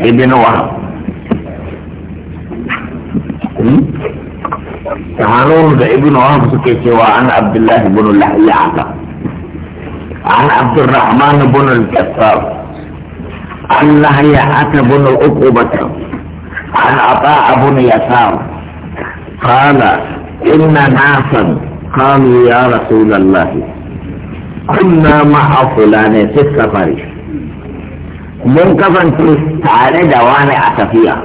ابن وهب تعالوا ده ابن وهب سكيتي وعن عبد الله بن اللحية عن عبد الرحمن بن الكفار عن لحيعة بن العقوبة عن عطاء بن يسار قال إن ناسا قالوا يا رسول الله كنا مع فلان في السفر mun kasance tare da wani a tafiya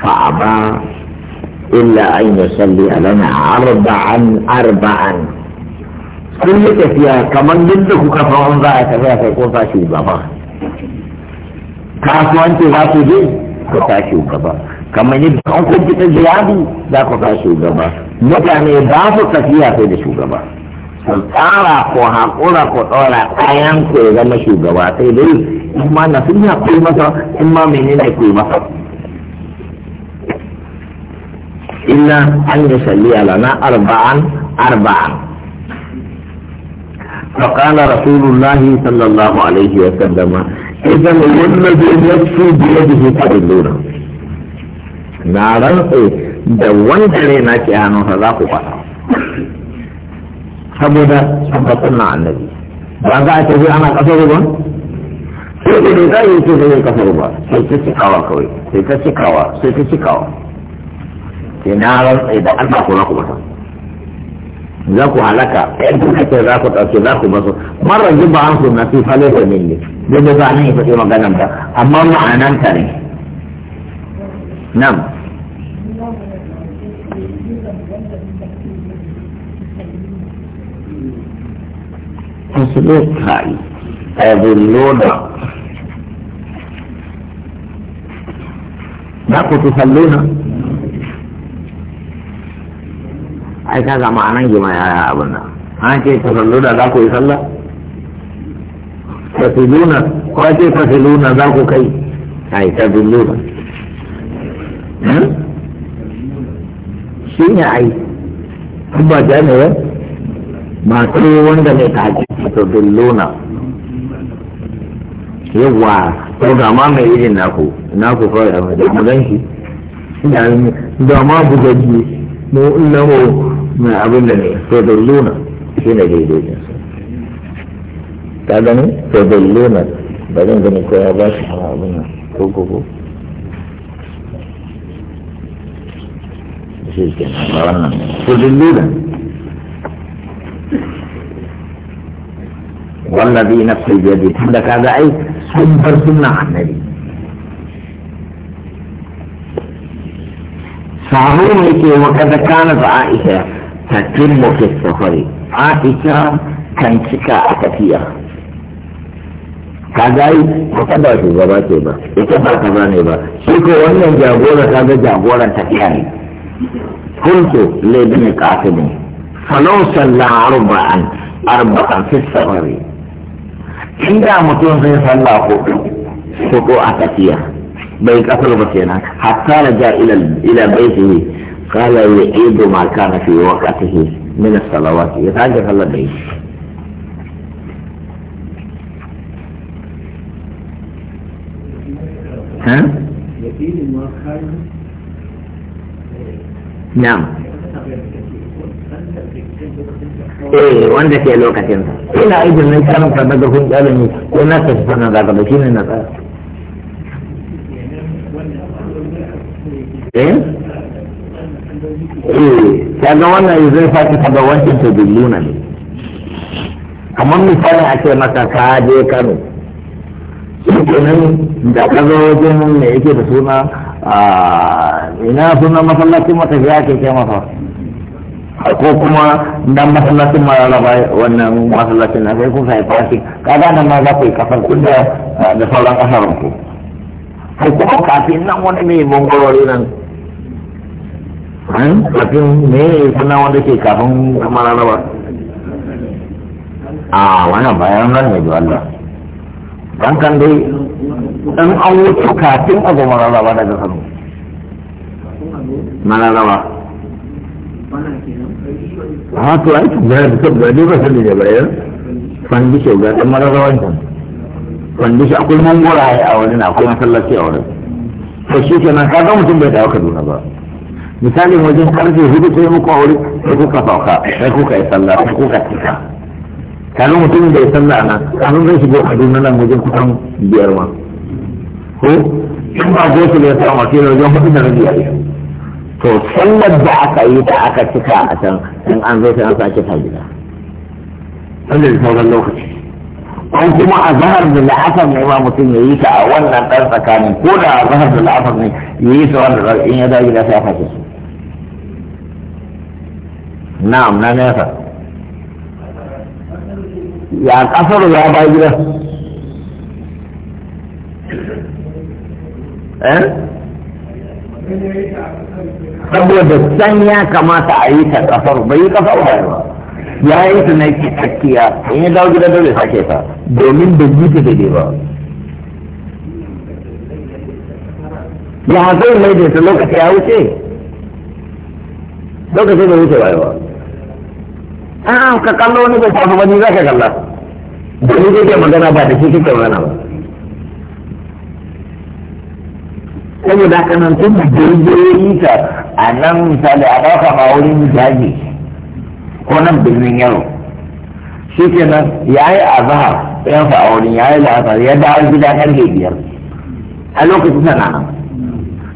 Fa ba illa an yi salli alana arba'an arba'an sun yi tafiya kamar yadda kuka san za a tafiya sai ko sa shugaba kasuwanci za su je ko sa shugaba kamar yadda an kun fita jihadi za ku sa shugaba mutane ba su tafiya sai da shugaba ku tsara ko haƙura ko ɗora ɗayan ku ya zama shugaba sai dai in ma nasiha ku yi masa in ma menene ku yi masa illa an yi salliya lana arba'an arba'an فقال رسول الله صلى الله عليه وسلم إذا والذي نفسي بيده تضلونه نارا da wanda rai na ke hannunsa za ku fata فبدا صدق مع النبي وقع تزيل عمل قصر بن سيدي لا يوجد من قصر بن سيدي سكاوى كوي سيدي سكاوى سيدي سكاوى في نار الأيضا أنت أقول لكم مثلا ذاكو هلكا أنت حتى ذاكو تأتي ذاكو مصر مرة جب عنك النسي فليس مني بدو ذاني فتيما قدمتا أما الله أنا نمتني نمت musulun kai ayyulluna da ai ka ga ma'anan gima ya abin nan an ce tusalluna za ku yi sallah fasiluna ko ce fasiluna za ku kai ai tazilluna shi ne ai masu wanda mai ta haƙi to dillona yawa to ga ma mai irin naku naku kawai a da mu gan shi da ma bugaji mu mu mai abin da ne to dillona shi ne daidai ne ta gani to dillona ba zan gani ko ya ba shi hana abin nan ko ko ko shi ke na wannan to dillona والذي نفس الجديد هذا كذا أي سنفر سنة عملي صحيح كي وكذا كانت عائشة تتم في السفر عائشة كنسكا أتفيا كذا أي وكذا في الزبات إبا إتفا كمان إبا شكو وين جابولا كذا جابولا تكياني قلت لابن قاتبي فلو صلى أربعا أربعا في السفر inda mutum zai sallah hudu hudu a tafiya bai kasar ba kenan hatta na ja ila baitihi qala ya idu ma kana fi waqtihi min as-salawat ya sake sallar da shi ha na'am eh wanda ke lokacin sa ina aikin nan karanta daga kun ɗalami ko na ka sana daga da shine na tsara eh? eh kaga wannan zai faci kaga wancan to billuna ne kamar misali ake ce maka ka je Kano kenan da ka zo wajen me yake da suna ah, ina suna masallacin mata ya ke ce masa ko kuma dan masallacin mararaba wannan masallacin na sai kun sai fashi kaga nan ma za ku yi kafar kun da da sauran kasarin ku kai kuma kafin nan wani mai mongolori nan kafin me suna wanda ke kafin mararaba a wannan bayan nan ne da dan kan dai dan an wuce kafin a zo mararaba daga kanu mararaba ha to ai tun da ta da ba sai da bayar fandi shi ga dan mararawan ta fandi shi akwai mangora ai a wani akwai masallaci a wani to shi kenan ka ga mutum bai dawo Kaduna ba Misali wajen karfe hudu sai muku aure sai kuka sauka sai kuka yi sallah sai kuka tika kanu mutum da ya sallah nan kanu zai shigo Kaduna nan wajen kusan biyar ma ko in ba gosu ne ya samu a wajen hudu da rabi a yau to sallar da aka yi ta aka cika a can in an zo sai an sake ta gida sallar da sauran lokaci an kuma a zahar da la'afar ne ma mutum ya yi ta a wannan ɗan tsakanin ko da a zahar da la'afar ne ya yi ta wanda in ya dawo gida sai ya fashe su na'am na nesa ya kasar ya ba gida eh saboda can ya kamata a yi ta kafar bai yi kafar ba ba ya yi ta na tsakiya in ya dawo gidan dole sake ta domin da yi ta daidai ba ya zai mai da ta lokaci ya wuce lokaci da wuce ba yawa a ka kallo wani bai tafi wani za ka kalla da ni ke magana ba da shi kike magana ba saboda haka nan tun da jirgiyoyi ta a nan misali a baka ma wurin jaji ko nan birnin yaro shi nan ya yi a zaha azahar fa a wurin ya yi la'asar ya an gida karfe biyar a lokacin sana nan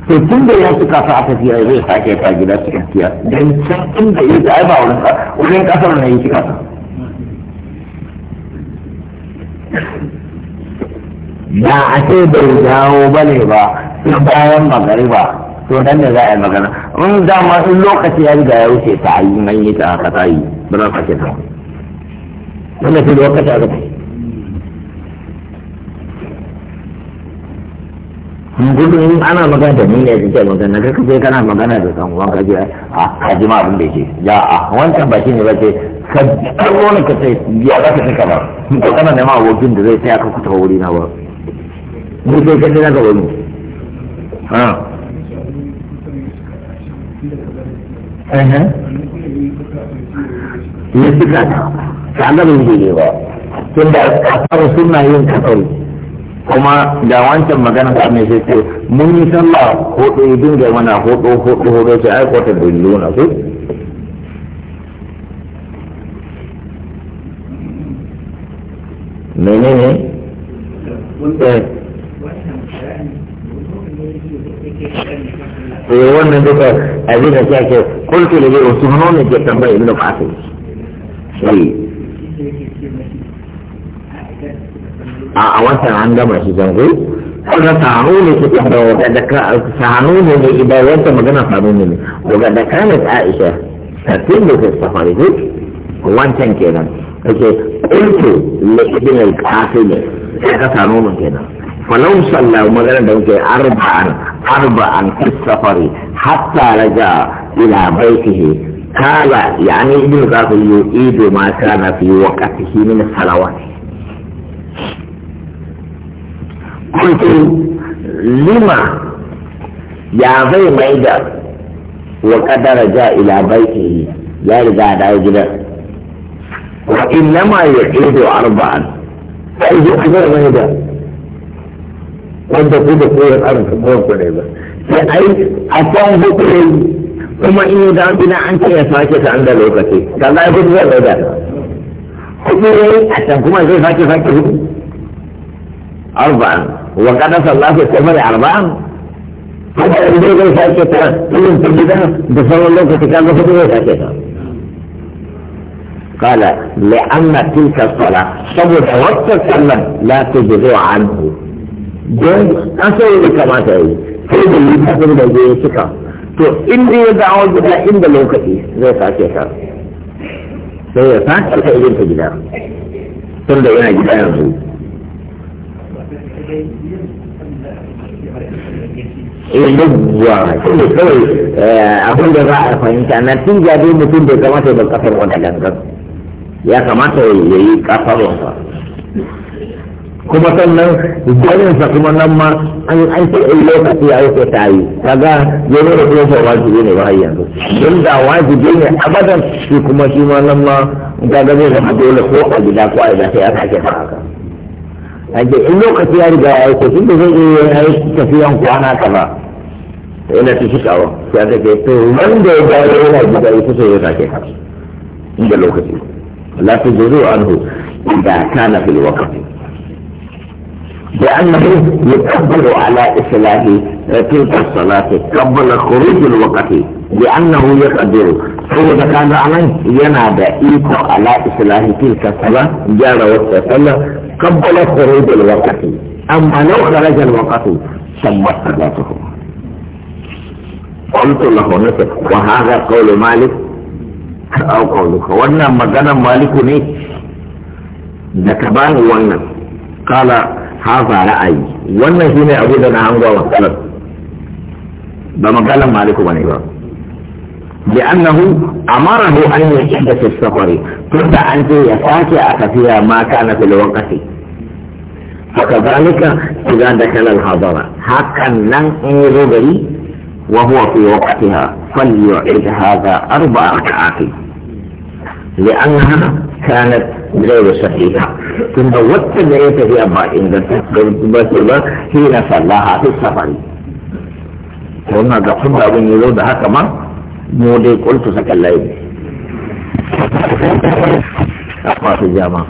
to tun da ya suka sa a tafiya zai sake ta gida su tafiya don can da ya ta ba wurin wurin kasar na yi shi kasa ba a ce bai dawo ne ba sai bayan magariba to dan ne za a yi magana in ma in lokaci ya riga ya wuce ta yi mai yi ta aka ta yi ba za ka ce ta wanda sai lokaci aka ta gudu in ana magana da ni ne kake magana kai kaje kana magana da kan wanka ah, ji a kaji ma abin da yake ya a wancan ba ne ba ce ka karbo ne ka sai ya za ka ka ba ko kana nema abokin da zai sai ka kuta wuri na ba mu sai ka dina ga wani Ah. ya fi gada tsanabin jere ba tun da kasar suna yin kasari kuma da wancan magana ta mai sai ce mun yi sallah hudu ya dinga mana hudu hudu hudu sai aiko ta dillu na su menene ne eh. eh wannan duka abin da ta ce kulki da zai wasu hannu ne ke tambayi ibn qasim shi a a watan an gama shi zango kuma sanu ne ke tambayi da daga sanu ne ne idan wata magana sanu ne ne daga da kana Aisha tatin da safari ne wancan kenan kace kulki da ibn qasim ne ka sanu ne kenan فلو صلى مثلا دوك أربعا أربعا في السفر حتى رجع إلى بيته قال يعني ابن القاسم يعيد ما كان في وقته من الصلوات قلت لما يا زي ميدا وقد رجع إلى بيته يا رجع دايجدا وإنما يعيد أربعا أي أكبر ميدا wanda ku da koyar karanta koyar ku ne ba sai ai a kwan hukumai kuma in da an bina an ce ya sake ta an da lokaci na yi gudu zai ɗauka hukumai a can kuma zai sake sake hudu arba'an wa kada sallafi ta mara arba'an haka in zai zai sake ta irin ta gida da sauran lokaci kaga hudu zai sake ta قال لأن تلك الصلاة صبر وقت السلم لا تجزو عنه don asali da kamata yi sai da yi abin da zai cika to in dai ya dawo gida inda lokaci zai sake ka sai ya sake ka irin ta gida tun da yana gida yanzu eh, yawwa shi ne kawai eh, abin da za a fahimta na tun jabi mutum bai kamata ya bar kafar wata gangan ya kamata ya yi kafarwansa kuma sannan jirgin sa kuma nan ma an an ce in lokaci ya ko ta yi kaga ya da kuma ba wajibi ne ba har yanzu don da wajibi ne abadan shi kuma shi ma nan ma ga kaga zai zama dole ko a gida ko a gida sai aka ke ta haka ake in lokaci ya riga ya ko tun da zai iya yin yi tafiyan kwana kaza to yana ta shiga wa sai aka ke to wanda ya gaya yana gida ya kusa ya sake haka inda lokaci lafi la an hu da kana fil waqti لأنه يقبل على إسلامه تلك الصلاة قبل خروج الوقت لأنه يقدر فإذا كان عليه ينادى إيكو على إسلام تلك الصلاة جار وصلى قبل خروج الوقت أما لو خرج الوقت سمت صلاته قلت له نسك وهذا قول مالك أو قولك وانا مجانا مالك نيت ذكبان وانا قال haza ra'ayi wannan shi ne abu da na hango wa ba magalan maliku bane ba bi annahu amara hu an yi inda ke safari tun da an ce ya sake a tafiya ma ka na filawan kasi haka zalika shiga da kalar hazara hakan nan in yi zogari wa huwa fi waqtiha falli wa irda hadha arba'a ka'ati li anna kanat Jirgin da ta tafi ta, ba wacce ga 'yan tafiya baɗi, in da tafiya da tafiya ya sallah da haka ma, mo dai ƙuri ta ta wasu jama.